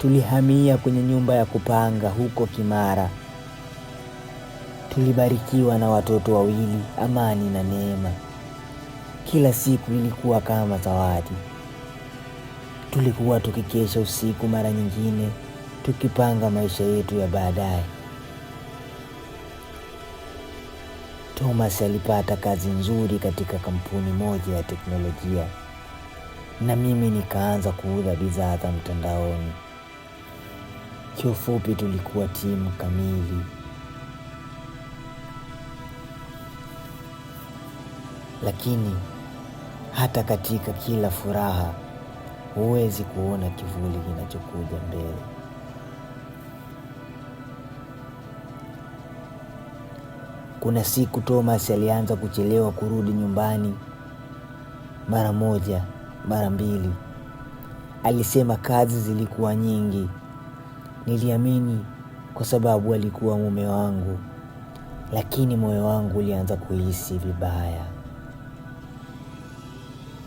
tulihamia kwenye nyumba ya kupanga huko Kimara. Tulibarikiwa na watoto wawili, Amani na Neema. Kila siku ilikuwa kama zawadi. Tulikuwa tukikesha usiku mara nyingine, tukipanga maisha yetu ya baadaye. Thomas alipata kazi nzuri katika kampuni moja ya teknolojia na mimi nikaanza kuuza bidhaa za mtandaoni. Kiufupi tulikuwa timu kamili, lakini hata katika kila furaha huwezi kuona kivuli kinachokuja mbele. Kuna siku Thomas alianza kuchelewa kurudi nyumbani, mara moja, mara mbili. Alisema kazi zilikuwa nyingi. Niliamini kwa sababu alikuwa mume wangu, lakini moyo wangu ulianza kuhisi vibaya.